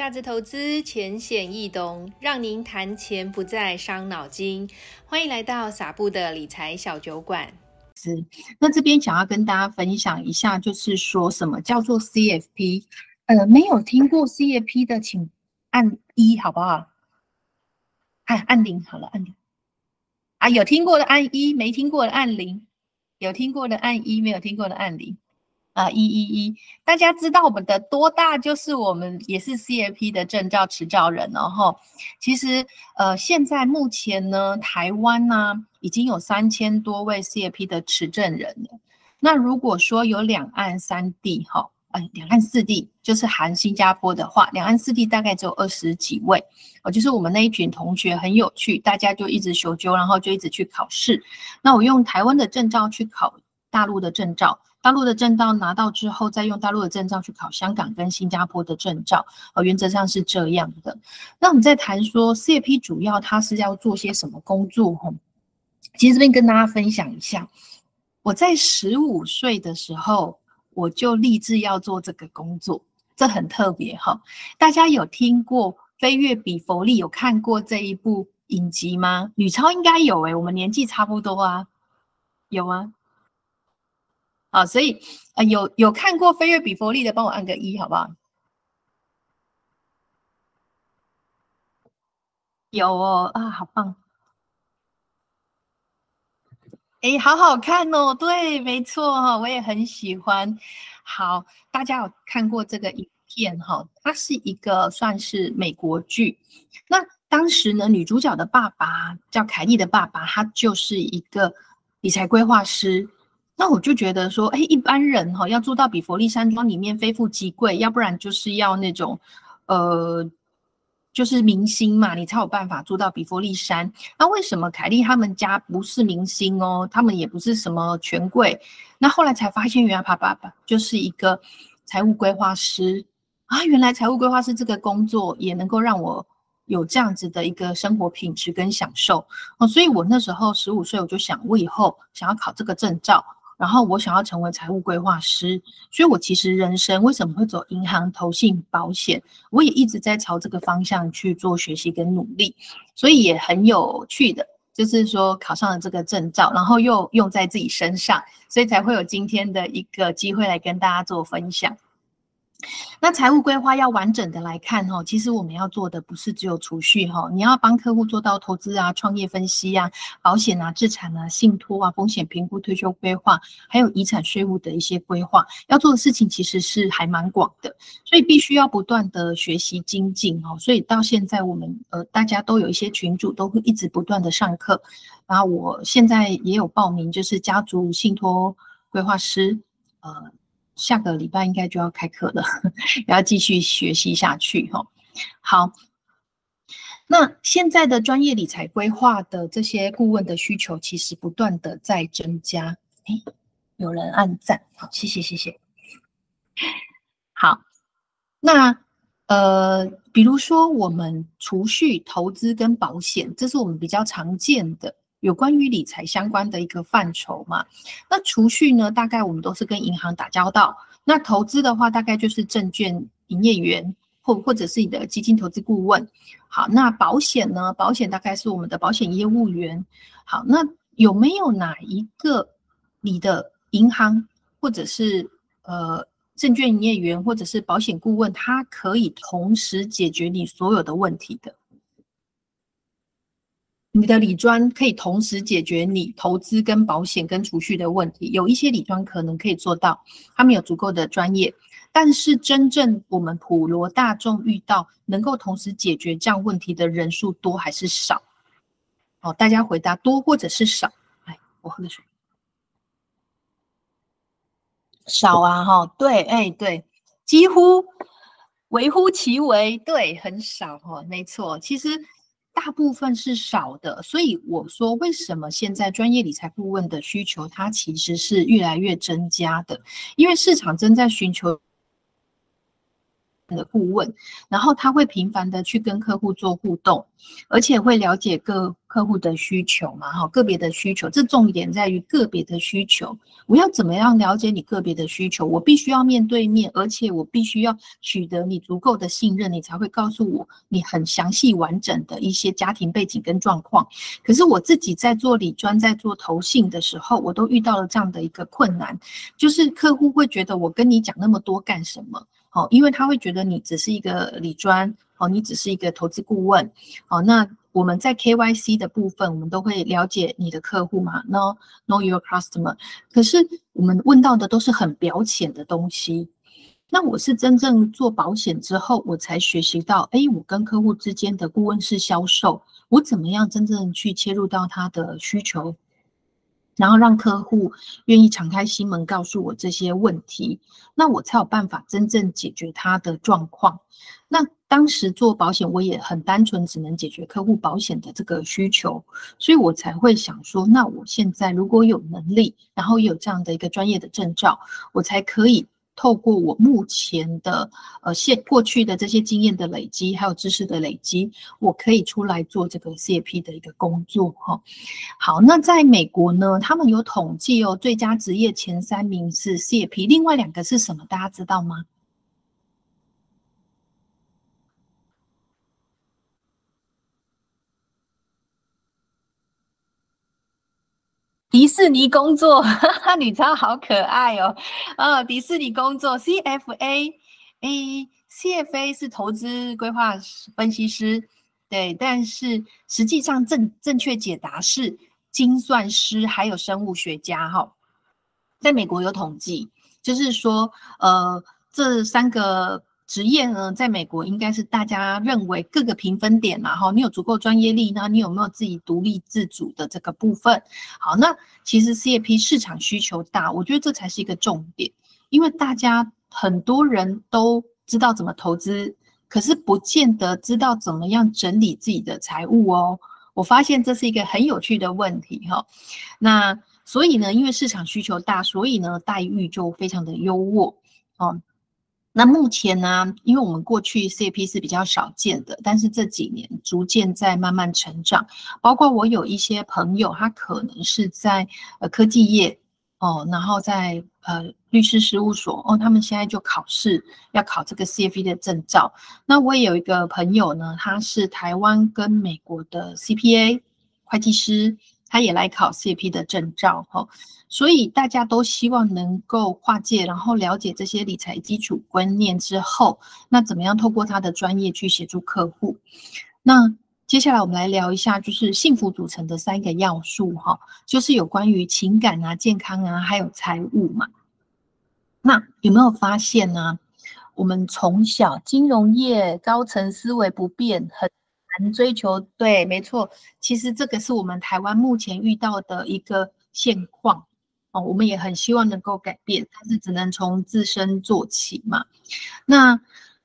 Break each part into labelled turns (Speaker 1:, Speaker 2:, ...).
Speaker 1: 價值投資淺顯易懂，讓您談錢不再傷腦筋。歡迎來到撒布的理財小酒館。是，那這邊想要跟大家分享一下，就是說什麼叫做 CFP。呃，沒有聽過 CFP 的，請按一，好不好？按按零好了，按零。啊，有聽過的按一，沒聽過的按零。有聽過的按一，沒有聽過的按零。啊，一一一，大家知道我們的多大？就是我們也是 CFP 的證照持照人然、哦、後其實，呃，現在目前呢，台灣呢、啊、已經有三千多位 CFP 的持證人了。那如果說有兩岸三地，哈、呃，嗯，兩岸四地，就是含新加坡的話，兩岸四地大概只有二十幾位。哦、呃，就是我們那一群同學很有趣，大家就一直修修，然後就一直去考試。那我用台灣的證照去考大陸的證照。大陸的證照拿到之後，再用大陸的證照去考香港跟新加坡的證照，呃，原則上是這樣的。那我們在談說 CFP 主要他是要做些什麼工作？其實這邊跟大家分享一下，我在十五歲的時候，我就立志要做這個工作，這很特別哈。大家有聽過《飛越比佛利》有看過這一部影集嗎？呂超應該有哎、欸，我們年紀差不多啊，有啊。好、啊，所以、呃、有有看過《飛躍比佛利》的，幫我按個一，好不好？有哦，啊，好棒！哎、欸，好好看哦，對，沒錯哈，我也很喜歡。好，大家有看過這個影片哈？它是一個算是美國劇。那當時呢，女主角的爸爸叫凱莉的爸爸，他就是一個理財規劃師。那我就覺得說，哎，一般人哈、哦、要住到比佛利山莊裡面非富即貴，要不然就是要那種，呃，就是明星嘛，你才有辦法住到比佛利山。那為什麼凱利他們家不是明星哦？他們也不是什麼權貴。那後來才發現，原來爸爸就是一個財務規劃師啊。原來財務規劃師這個工作也能夠讓我有這樣子的一個生活品質跟享受哦。所以我那時候十五歲，我就想，我以後想要考這個證照。然後我想要成為財務規劃師，所以我其實人生為什麼會走銀行、投信、保險，我也一直在朝這個方向去做學習跟努力，所以也很有趣的就是說，考上了這個證照，然後又用在自己身上，所以才會有今天的一個機會來跟大家做分享。那財務規劃要完整的來看哦，其實我們要做的不是只有儲蓄哈，哦，你要幫客戶做到投資啊、創業分析啊、保險啊、資產啊、信托啊、風險評估、退休規劃，還有遺產稅務的一些規劃，要做的事情其實是還蠻廣的，所以必須要不斷的學習精進哦。所以到現在我們呃，大家都有一些群組都會一直不斷的上課，然後我現在也有報名，就是家族信托規劃師呃。下個禮拜應該就要開課了，也要繼續學習下去哈、哦。好，那現在的專業理財規劃的這些顧問的需求其實不斷的在增加。哎，有人按讚，好，謝謝謝謝。好，那呃，比如說我們儲蓄、投資跟保險，這是我們比較常見的。有關於理財相關的一個範疇嘛？那儲蓄呢？大概我們都是跟銀行打交道。那投資的話，大概就是證券營業員或或者是你的基金投資顧問。好，那保險呢？保險大概是我們的保險業務員。好，那有沒有哪一個你的銀行或者是呃證券營業員或者是保險顧問，他可以同時解決你所有的問題的？你的理專可以同時解決你投資、跟保險、跟儲蓄的問題。有一些理專可能可以做到，他們有足夠的專業。但是，真正我們普羅大眾遇到能夠同時解決這樣問題的人數多還是少？哦，大家回答多或者是少？哎，我喝個水。少啊，哈、哦，對，哎，對，幾乎微乎其微，對，很少、哦，哈，沒錯，其實。大部分是少的，所以我說為什麼現在專業理財顧問的需求，它其實是越來越增加的，因為市場正在尋求的顧問，然後他會頻繁的去跟客戶做互動，而且會了解各。客戶的需求嘛，哈，個別的需求，這重點在於個別的需求。我要怎麼樣了解你個別的需求？我必須要面對面，而且我必須要取得你足夠的信任，你才會告訴我你很詳細完整的一些家庭背景跟狀況。可是我自己在做理專，在做投信的時候，我都遇到了這樣的一個困難，就是客戶會覺得我跟你講那麼多幹什麼？哦，因為他會覺得你只是一個理專，哦，你只是一個投資顧問，哦，那。我們在 KYC 的部分，我們都會了解你的客戶嘛 Know Know your customer。可是我們問到的都是很表淺的東西。那我是真正做保險之後，我才學習到，哎，我跟客戶之間的顧問式銷售，我怎麼樣真正去切入到他的需求？然後讓客戶願意敞開心門告訴我這些問題，那我才有辦法真正解決他的狀況。那當時做保險我也很單純，只能解決客戶保險的這個需求，所以我才會想說，那我現在如果有能力，然後有這樣的一個專業的證照，我才可以。透過我目前的呃現過去的這些經驗的累積，還有知識的累積，我可以出來做這個 CFP 的一個工作哈。好，那在美國呢，他們有統計哦，最佳職業前三名是 CFP，另外兩個是什麼？大家知道嗎？迪士尼工作，哈哈，女超好可愛哦、喔！呃，迪士尼工作，CFA，哎，CFA 是投資規劃分析師，對，但是實際上正正確解答是精算師，還有生物學家。哈，在美國有統計，就是說，呃，這三個。職業呢，在美國應該是大家認為各個評分點嘛，哈，你有足夠專業力呢，你有沒有自己獨立自主的這個部分？好，那其實 CFP 市場需求大，我覺得這才是一個重點，因爲大家很多人都知道怎麼投資，可是不見得知道怎麼樣整理自己的財務哦。我發現這是一個很有趣的問題，哈、哦。那所以呢，因爲市場需求大，所以呢待遇就非常的優渥，嗯、哦。那目前呢，因為我們過去 CFP 是比較少見的，但是這幾年逐漸在慢慢成長。包括我有一些朋友，他可能是在呃科技業哦，然後在呃律師事務所哦，他們現在就考試要考這個 CFP 的證照。那我也有一個朋友呢，他是台灣跟美國的 CPA 會計師。他也來考 CFP 的證照哈，所以大家都希望能夠跨界，然後了解這些理財基礎觀念之後，那怎麼樣透過他的專業去協助客戶？那接下來我們來聊一下，就是幸福組成的三個要素哈，就是有關於情感啊、健康啊，還有財務嘛。那有沒有發現呢、啊？我們從小金融業高層思維不變很。追求對，沒錯，其實這個是我們台灣目前遇到的一個現況哦，我們也很希望能夠改變，但是只能從自身做起嘛。那，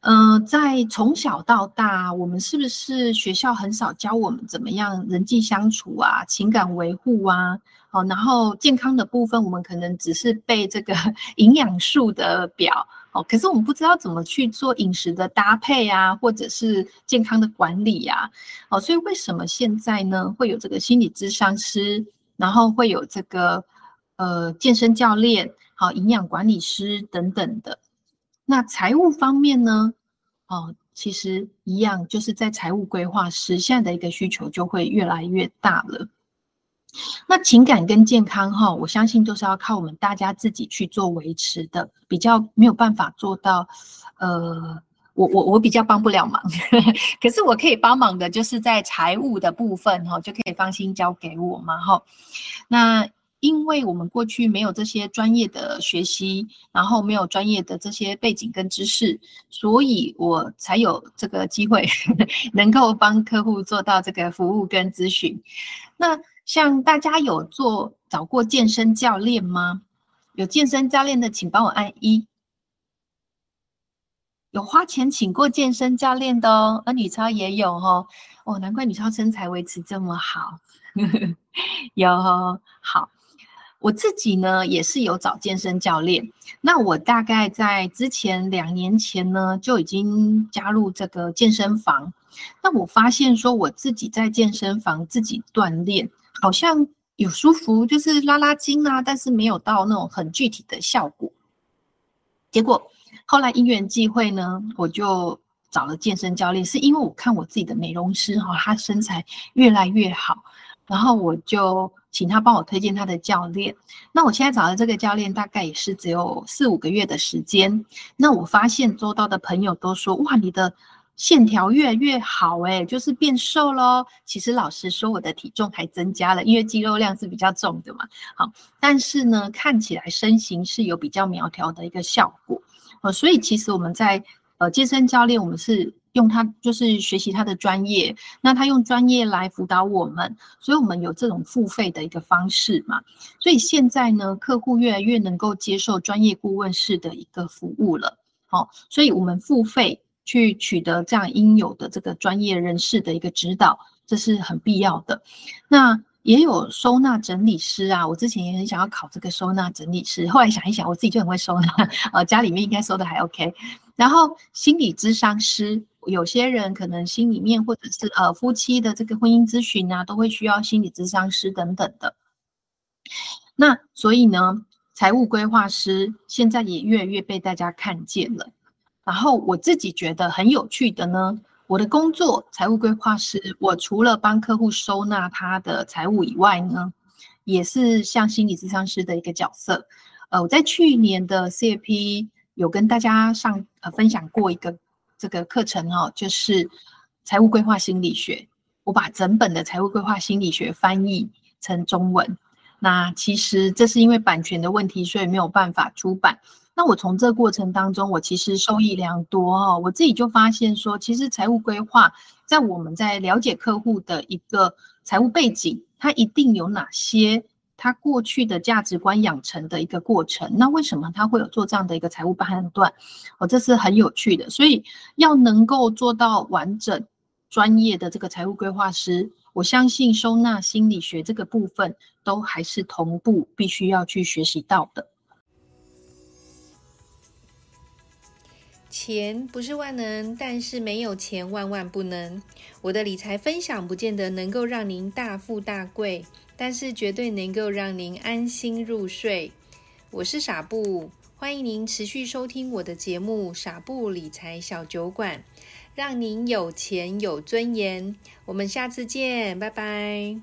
Speaker 1: 嗯、呃，在從小到大，我們是不是學校很少教我們怎麼樣人際相處啊、情感維護啊？哦，然後健康的部分，我們可能只是背這個營養素的表。哦，可是我們不知道怎麼去做飲食的搭配啊，或者是健康的管理呀、啊，哦，所以為什麼現在呢會有這個心理諮商師，然後會有這個呃健身教練，好、哦、營養管理師等等的，那財務方面呢，哦，其實一樣，就是在財務規劃師現在的一個需求就會越來越大了。那情感跟健康哈、哦，我相信都是要靠我們大家自己去做維持的，比較沒有辦法做到，呃，我我我比較幫不了忙呵呵，可是我可以幫忙的就是在財務的部分哈、哦，就可以放心交給我嘛哈、哦。那因為我們過去沒有這些專業的學習，然後沒有專業的這些背景跟知識，所以我才有這個機會能夠幫客戶做到這個服務跟諮詢。那像大家有做，找過健身教練嗎？有健身教練的，請幫我按一。有花錢請過健身教練的哦，而、呃、女超也有哦。哦，難怪女超身材維持這麼好。 有好。我自己呢，也是有找健身教練。那我大概在之前兩年前呢，就已經加入這個健身房。那我發現說，我自己在健身房自己鍛鍊。好像有舒服，就是拉拉筋啊，但是沒有到那種很具體的效果。結果後來因緣際會呢，我就找了健身教練，是因為我看我自己的美容師哈、哦，他身材越來越好，然後我就請他幫我推薦他的教練。那我現在找的這個教練大概也是只有四五個月的時間，那我發現周到，的朋友都說哇，你的。線條越來越好哎、欸，就是變瘦嘍。其實老實說我的體重還增加了，因為肌肉量是比較重的嘛。好，但是呢，看起來身形是有比較苗條的一個效果。呃，所以其實我們在呃健身教練，我們是用他就是學習他的專業，那他用專業來輔導我們，所以我們有這種付費的一個方式嘛。所以現在呢，客戶越來越能夠接受專業顧問式的一個服務了。好、哦，所以我們付費。去取得這樣應有的這個專業人士的一個指導，這是很必要的。那也有收納整理師啊，我之前也很想要考這個收納整理師，後來想一想，我自己就很會收納，呃、啊，家裡面應該收的還 OK。然後心理諮商師，有些人可能心裡面或者是呃夫妻的這個婚姻諮詢啊，都會需要心理諮商師等等的。那所以呢，財務規劃師現在也越來越被大家看見了。然後我自己覺得很有趣的呢，我的工作財務規劃師，我除了幫客戶收納他的財務以外呢，也是像心理諮商師的一個角色。呃，我在去年的 CFP 有跟大家上呃分享過一個這個課程哦，就是財務規劃心理學。我把整本的財務規劃心理學翻譯成中文，那其實這是因為版權的問題，所以沒有辦法出版。那我從這過程當中，我其實受益良多哦。我自己就發現說，其實財務規劃在我們在了解客戶的一個財務背景，他一定有哪些他過去的價值觀養成的一個過程。那為什麼他會有做這樣的一個財務判斷？哦，這是很有趣的。所以要能夠做到完整專業的這個財務規劃師，我相信收納心理學這個部分都還是同步必須要去學習到的。錢不是萬能，但是沒有錢萬萬不能。我的理財分享不見得能夠讓您大富大貴，但是絕對能夠讓您安心入睡。我是傻布，歡迎您持續收聽我的節目《傻布理財小酒館》，讓您有錢有尊嚴。我們下次見，拜拜。